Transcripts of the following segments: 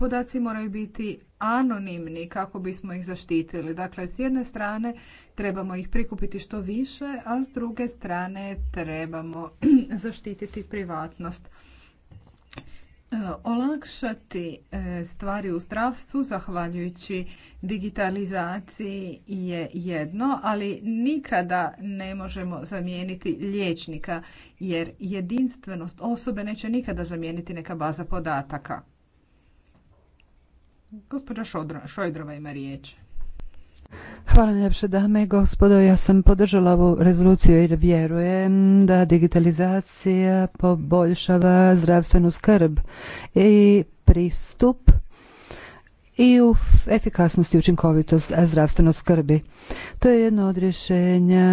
podaci moraju biti anonimni kako bismo ih zaštitili. Dakle, s jedne strane trebamo ih prikupiti što više, a s druge strane trebamo zaštititi privatnost. E, olakšati e, stvari u zdravstvu zahvaljujući digitalizaciji je jedno, ali nikada ne možemo zamijeniti liječnika jer jedinstvenost osobe neće nikada zamijeniti neka baza podataka. Gospođa Šojdrova ima riječ. Hvala najljepše dame i gospodo. Ja sam podržala ovu rezoluciju jer vjerujem da digitalizacija poboljšava zdravstvenu skrb i pristup i u efikasnost i učinkovitost zdravstveno skrbi. To je jedno od rješenja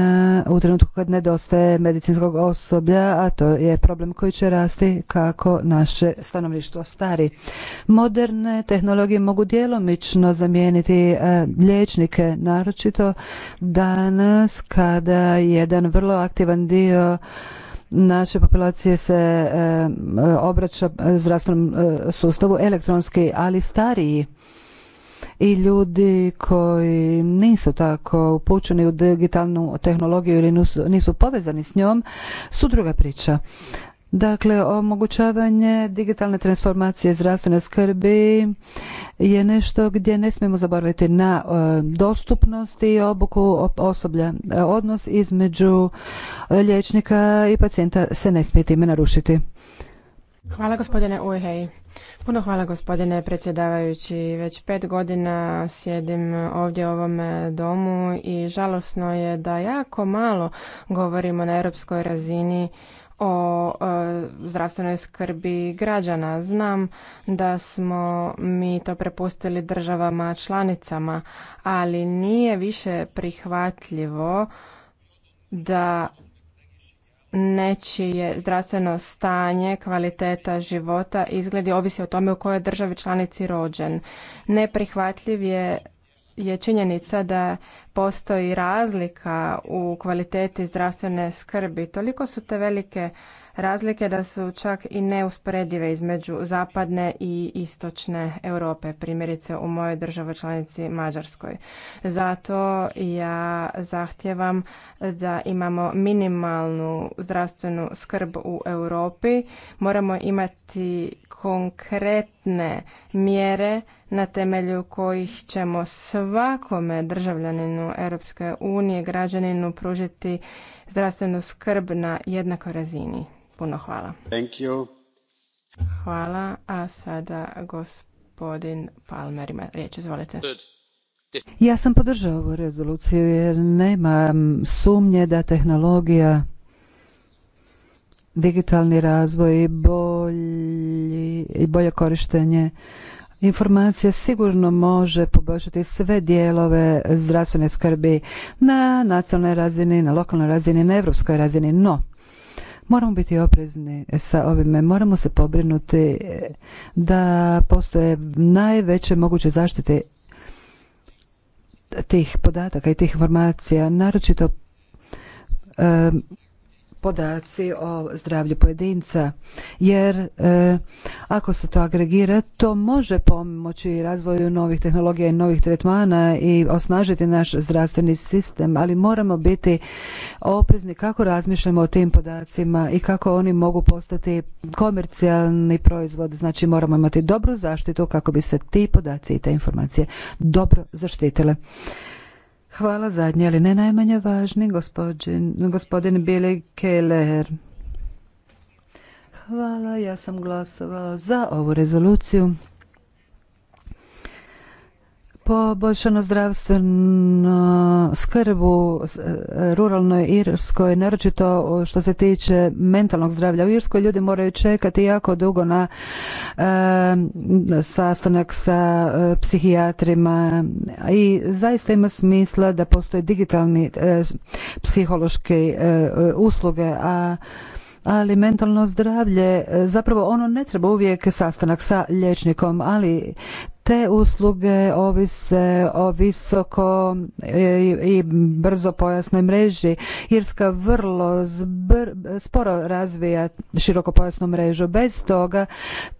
u trenutku kad nedostaje medicinskog osoblja, a to je problem koji će rasti kako naše stanovništvo stari. Moderne tehnologije mogu djelomično zamijeniti e, liječnike, naročito danas kada jedan vrlo aktivan dio naše populacije se e, obraća zdravstvenom e, sustavu elektronski, ali stariji i ljudi koji nisu tako upućeni u digitalnu tehnologiju ili nisu povezani s njom su druga priča. Dakle, omogućavanje digitalne transformacije zdravstvene skrbi je nešto gdje ne smijemo zaboraviti na e, dostupnost i obuku osoblja. E, odnos između liječnika i pacijenta se ne smije time narušiti. Hvala gospodine Ujhej. Puno hvala gospodine predsjedavajući. Već pet godina sjedim ovdje u ovom domu i žalosno je da jako malo govorimo na europskoj razini o e, zdravstvenoj skrbi građana. Znam da smo mi to prepustili državama članicama, ali nije više prihvatljivo da nečije zdravstveno stanje, kvaliteta života izgledi ovisi o tome u kojoj državi članici rođen. Neprihvatljiv je je činjenica da postoji razlika u kvaliteti zdravstvene skrbi. Toliko su te velike razlike da su čak i neusporedive između zapadne i istočne Europe, primjerice u mojoj državi članici Mađarskoj. Zato ja zahtijevam da imamo minimalnu zdravstvenu skrb u Europi. Moramo imati konkretne mjere na temelju kojih ćemo svakome državljaninu Europske unije građaninu pružiti zdravstvenu skrb na jednakoj razini. Puno hvala. Thank you. Hvala, a sada gospodin Palmer ima riječ, izvolite. Ja sam podržao ovu rezoluciju jer nema sumnje da tehnologija, digitalni razvoj i bolji, bolje korištenje Informacija sigurno može poboljšati sve dijelove zdravstvene skrbi na nacionalnoj razini, na lokalnoj razini, na evropskoj razini, no Moramo biti oprezni sa ovime, moramo se pobrinuti e, da postoje najveće moguće zaštite tih podataka i tih informacija, naročito e, podaci o zdravlju pojedinca jer e, ako se to agregira to može pomoći razvoju novih tehnologija i novih tretmana i osnažiti naš zdravstveni sistem ali moramo biti oprezni kako razmišljamo o tim podacima i kako oni mogu postati komercijalni proizvod znači moramo imati dobru zaštitu kako bi se ti podaci i te informacije dobro zaštitile Hvala zadnje, ali ne najmanje važni, gospodin, gospodin Billy Keller. Hvala, ja sam glasovao za ovu rezoluciju poboljšano zdravstveno skrb u e, ruralnoj Irskoj, naročito što se tiče mentalnog zdravlja. U Irskoj ljudi moraju čekati jako dugo na e, sastanak sa e, psihijatrima i zaista ima smisla da postoje digitalni e, psihološki usluge, a ali mentalno zdravlje zapravo ono ne treba uvijek sastanak sa liječnikom ali te usluge ovise o visoko e, i brzo pojasnoj mreži. Irska vrlo sporo razvija širokopojasnu mrežu. Bez toga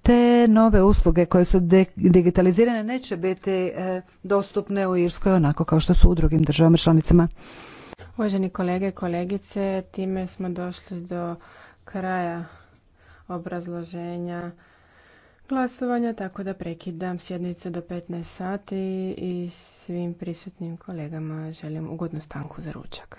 te nove usluge koje su digitalizirane neće biti e, dostupne u Irskoj onako kao što su u drugim državama članicama. Uvaženi kolege i kolegice, time smo došli do kraja obrazloženja glasovanja, tako da prekidam sjednicu do 15 sati i svim prisutnim kolegama želim ugodnu stanku za ručak.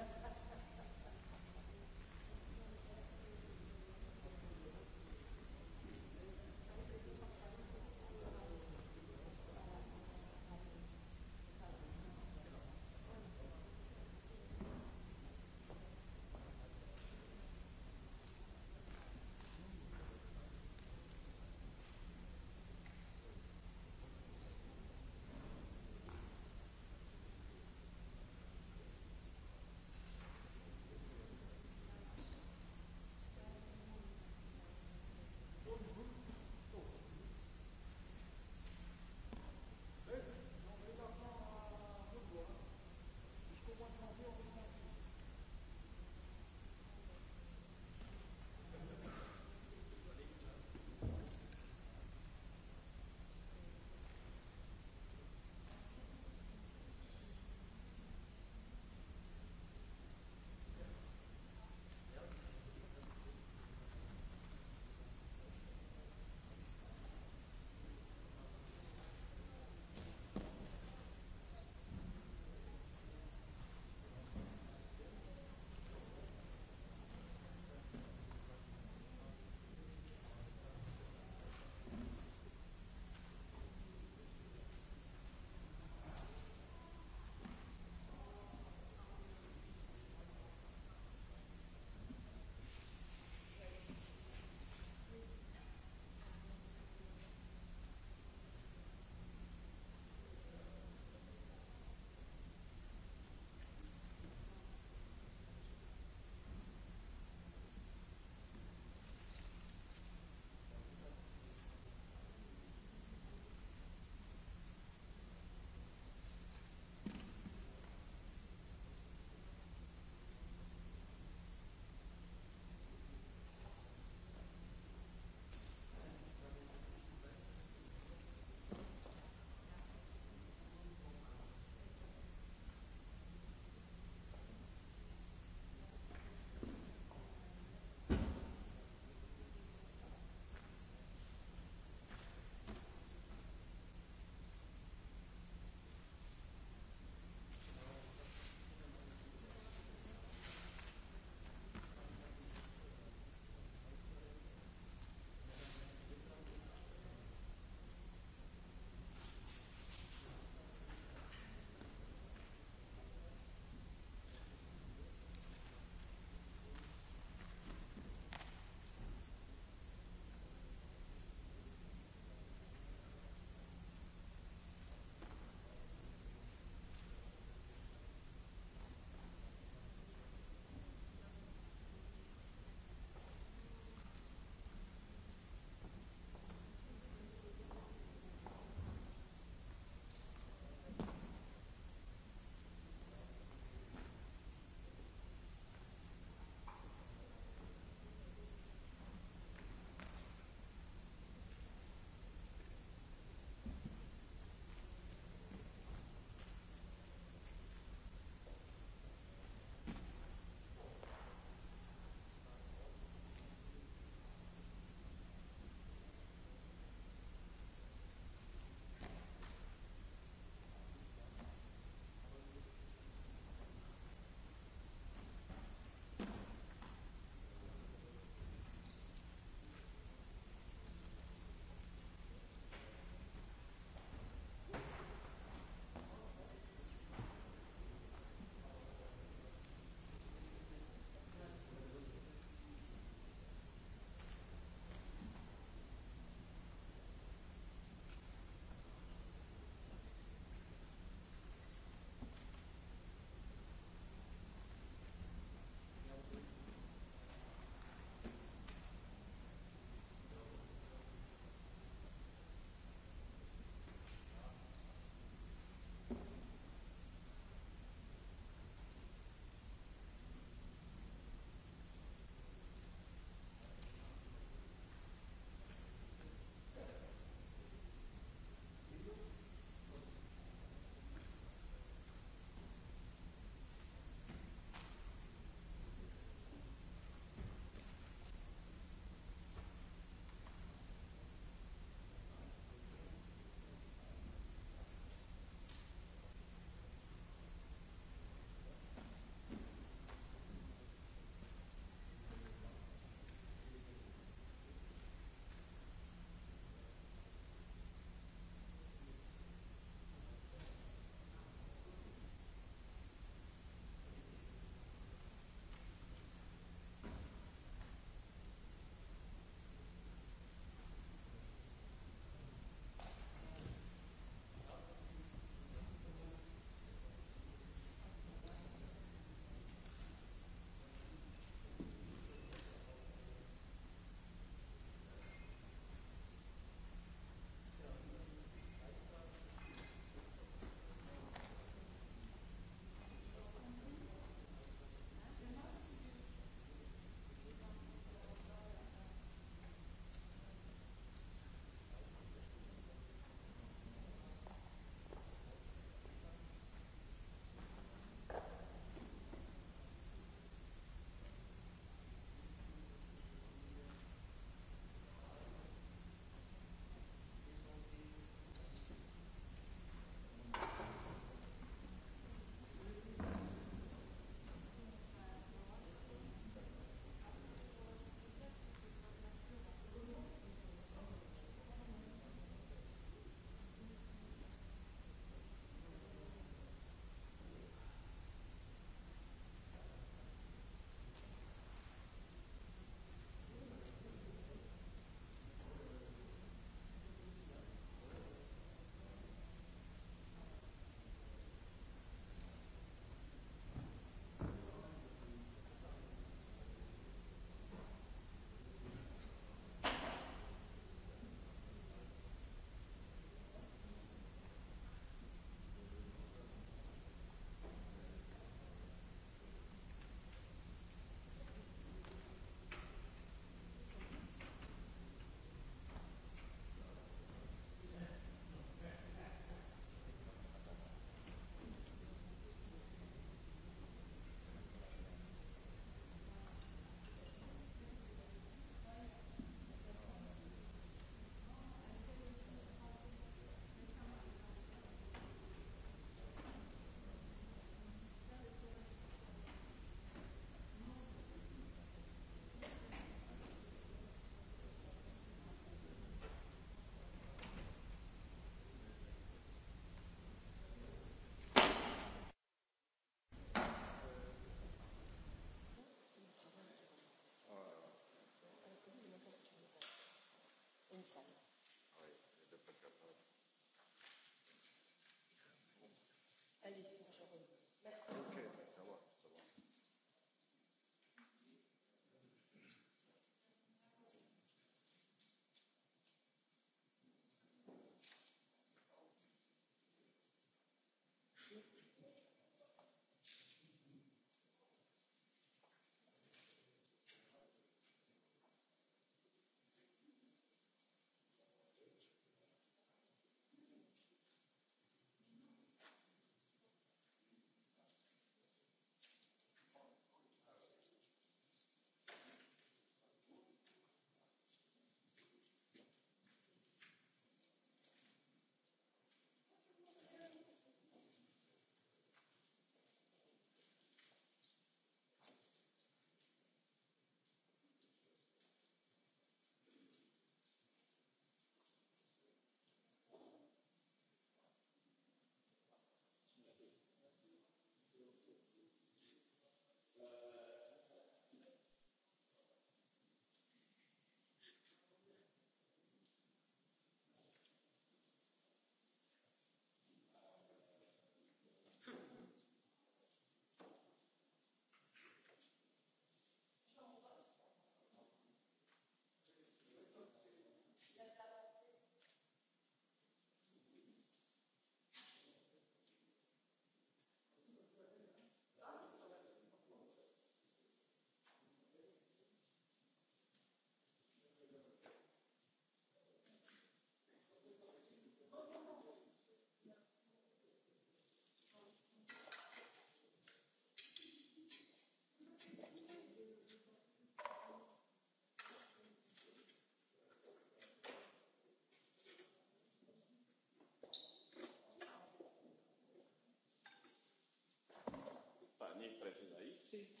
agency znači,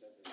da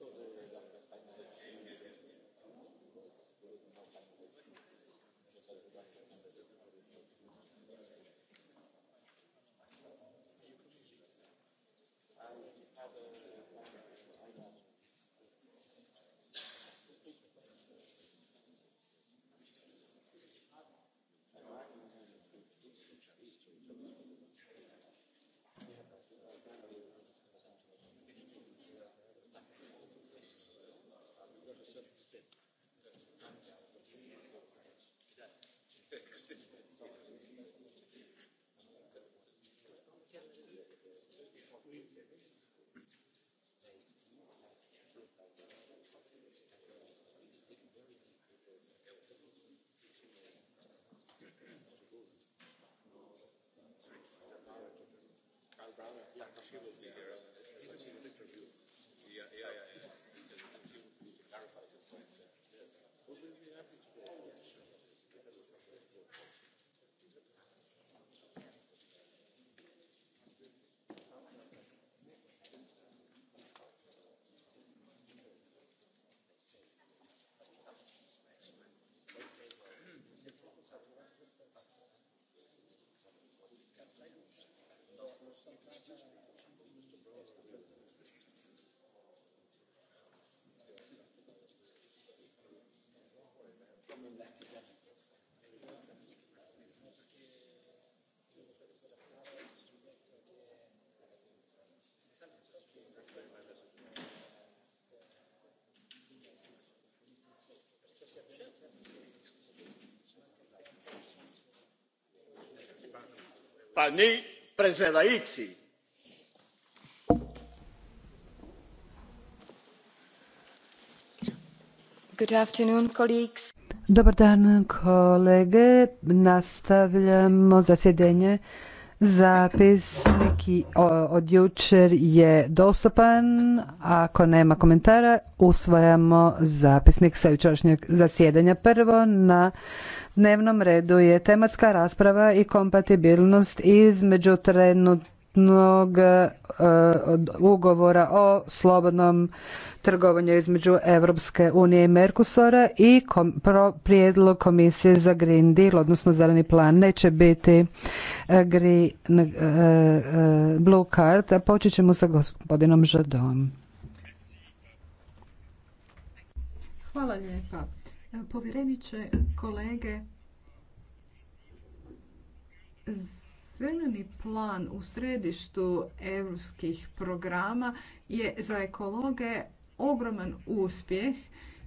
so Yeah, Yeah, yeah, He said he the question. Yeah. to pa ni prezelaiții Dobar dan kolege, nastavljamo zasjedanje Zapisnik od jučer je dostupan. Ako nema komentara, usvajamo zapisnik sa jučerašnjeg zasjedanja. Prvo na dnevnom redu je tematska rasprava i kompatibilnost između trenutnog uh, ugovora o slobodnom trgovanju između Europske unije i Merkusora i prijedlog komisije za Green Deal, odnosno zeleni plan. Neće biti e, green, e, blue card, a počet ćemo sa gospodinom Žadom. Hvala lijepa. Povjereniče, kolege, Zeleni plan u središtu europskih programa je za ekologe ogroman uspjeh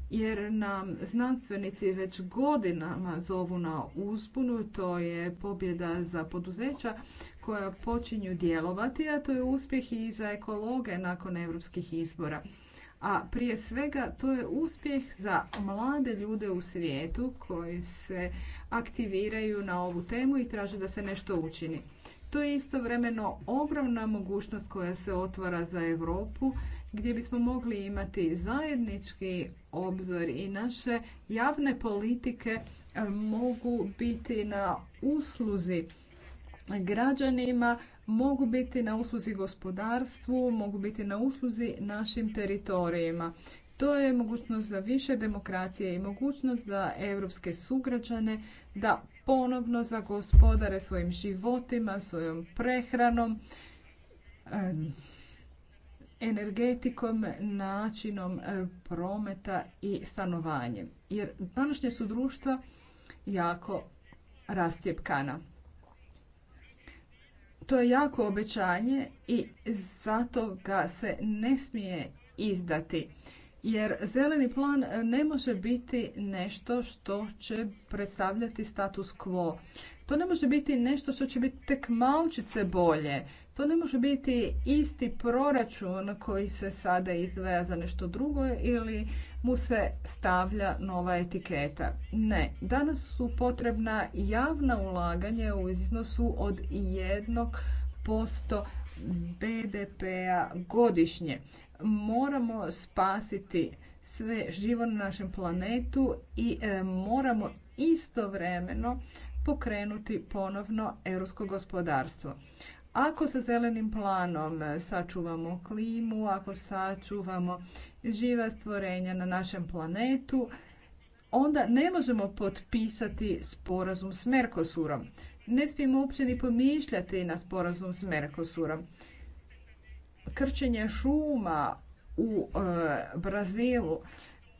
jer nam znanstvenici već godinama zovu na uspunu, to je pobjeda za poduzeća koja počinju djelovati, a to je uspjeh i za ekologe nakon europskih izbora a prije svega to je uspjeh za mlade ljude u svijetu koji se aktiviraju na ovu temu i traže da se nešto učini. To je istovremeno ogromna mogućnost koja se otvara za Europu gdje bismo mogli imati zajednički obzor i naše javne politike e, mogu biti na usluzi građanima mogu biti na usluzi gospodarstvu, mogu biti na usluzi našim teritorijima. To je mogućnost za više demokracije i mogućnost za europske sugrađane da ponovno zagospodare svojim životima, svojom prehranom, energetikom, načinom prometa i stanovanjem. Jer današnje su društva jako rastjepkana. To je jako obećanje i zato ga se ne smije izdati. Jer zeleni plan ne može biti nešto što će predstavljati status quo. To ne može biti nešto što će biti tek malčice bolje. To ne može biti isti proračun koji se sada izdvaja za nešto drugo ili mu se stavlja nova etiketa. Ne, danas su potrebna javna ulaganja u iznosu od 1% BDP-a godišnje. Moramo spasiti sve živo na našem planetu i e, moramo istovremeno pokrenuti ponovno europsko gospodarstvo. Ako sa zelenim planom sačuvamo klimu, ako sačuvamo živa stvorenja na našem planetu, onda ne možemo potpisati sporazum s Merkosurom. Ne smijemo uopće ni pomišljati na sporazum s Mercosurom. Krčenje šuma u e, Brazilu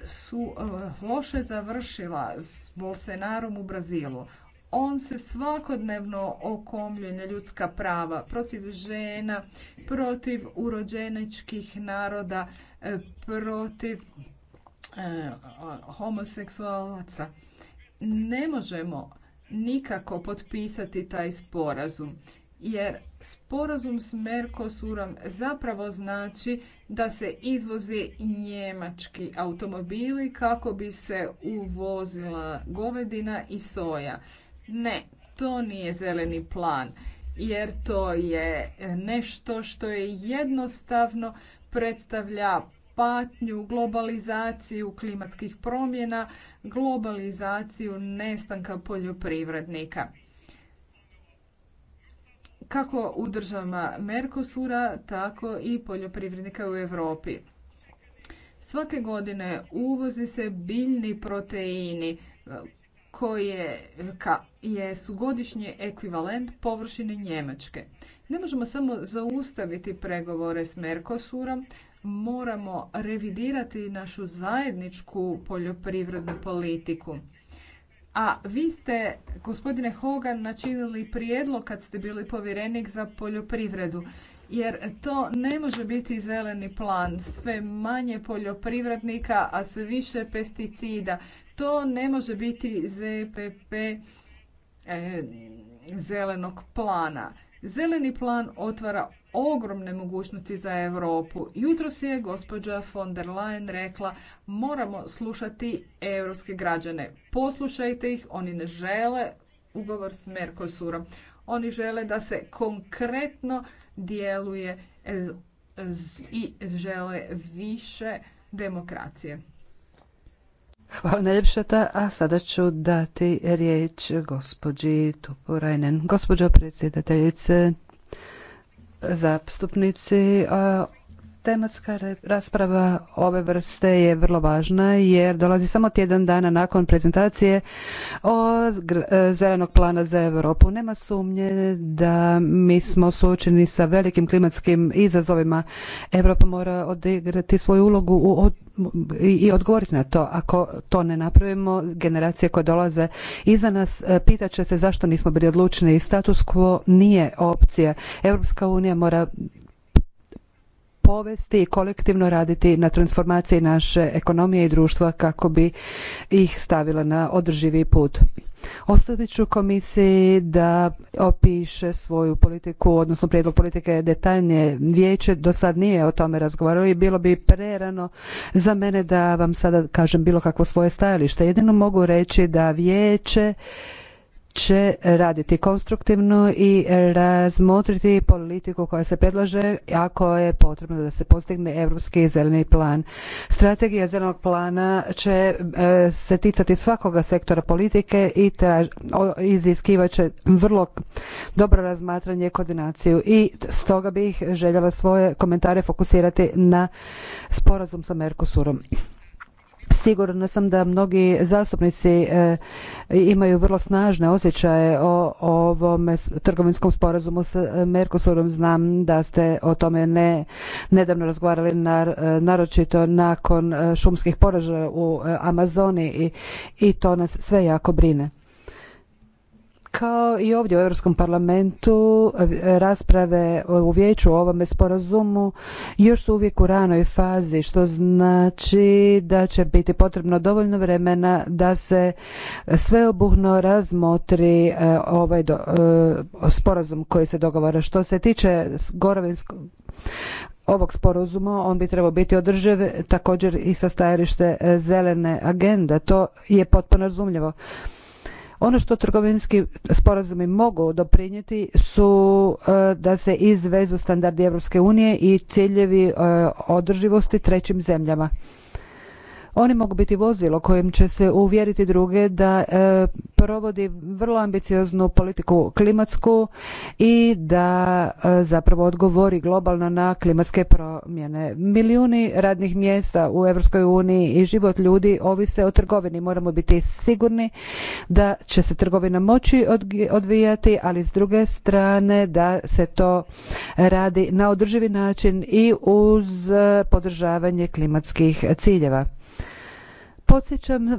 su e, loše završila s bolsenarom u Brazilu on se svakodnevno okomljuje na ljudska prava protiv žena, protiv urođeničkih naroda, e, protiv e, homoseksualaca. Ne možemo nikako potpisati taj sporazum jer sporazum s Mercosurom zapravo znači da se izvoze njemački automobili kako bi se uvozila govedina i soja. Ne, to nije zeleni plan jer to je nešto što je jednostavno predstavlja patnju, globalizaciju klimatskih promjena, globalizaciju nestanka poljoprivrednika. Kako u državama Merkosura, tako i poljoprivrednika u Europi. Svake godine uvozi se biljni proteini koje je su godišnji ekvivalent površine Njemačke. Ne možemo samo zaustaviti pregovore s Mercosurom, moramo revidirati našu zajedničku poljoprivrednu politiku. A vi ste, gospodine Hogan, načinili prijedlog kad ste bili povjerenik za poljoprivredu jer to ne može biti zeleni plan. Sve manje poljoprivrednika, a sve više pesticida. To ne može biti ZPP e, zelenog plana. Zeleni plan otvara ogromne mogućnosti za Europu. Jutros je gospođa von der Leyen rekla moramo slušati europske građane. Poslušajte ih, oni ne žele ugovor s Mercosurom. Oni žele da se konkretno djeluje e, i žele više demokracije. Hvala najljepša ta, a sada ću dati riječ gospođi Tuporajnen. Gospođo predsjedateljice, zastupnici, Tematska rasprava ove vrste je vrlo važna jer dolazi samo tjedan dana nakon prezentacije o e, zelenog plana za Europu. Nema sumnje da mi smo suočeni sa velikim klimatskim izazovima. Europa mora odigrati svoju ulogu i odgovoriti na to. Ako to ne napravimo, generacije koje dolaze iza nas e, pitaće će se zašto nismo bili odlučni i status quo nije opcija. Europska unija mora povesti i kolektivno raditi na transformaciji naše ekonomije i društva kako bi ih stavila na održivi put. Ostavit ću komisiji da opiše svoju politiku, odnosno prijedlog politike detaljnije. Vijeće do sad nije o tome razgovaralo i bilo bi prerano za mene da vam sada kažem bilo kakvo svoje stajalište. Jedino mogu reći da vijeće će raditi konstruktivno i razmotriti politiku koja se predlaže ako je potrebno da se postigne europski zeleni plan. Strategija zelenog plana će e, se ticati svakoga sektora politike i iziskivat će vrlo dobro razmatranje, koordinaciju i stoga bih željela svoje komentare fokusirati na sporazum sa Mercosurom. Sigurna sam da mnogi zastupnici e, imaju vrlo snažne osjećaje o ovom trgovinskom sporazumu s e, Mercosurom. Znam da ste o tome ne, nedavno razgovarali e, naročito nakon šumskih poražaja u Amazoni i, i to nas sve jako brine. Kao i ovdje u Europskom parlamentu eh, rasprave u vijeću o ovome sporazumu još su uvijek u ranoj fazi što znači da će biti potrebno dovoljno vremena da se sveobuhno razmotri eh, ovaj eh, sporazum koji se dogovara. Što se tiče Gorovinskog ovog sporazuma on bi trebao biti održiv također i sa stajalište zelene agenda. To je potpuno razumljivo. Ono što trgovinski sporazumi mogu doprinijeti su e, da se izvezu standardi Europske unije i ciljevi e, održivosti trećim zemljama. Oni mogu biti vozilo kojim će se uvjeriti druge da e, provodi vrlo ambicioznu politiku klimatsku i da e, zapravo odgovori globalno na klimatske promjene. Milijuni radnih mjesta u Europskoj uniji i život ljudi ovise o trgovini. Moramo biti sigurni da će se trgovina moći odvijati, ali s druge strane da se to radi na održivi način i uz podržavanje klimatskih ciljeva. Podsjećam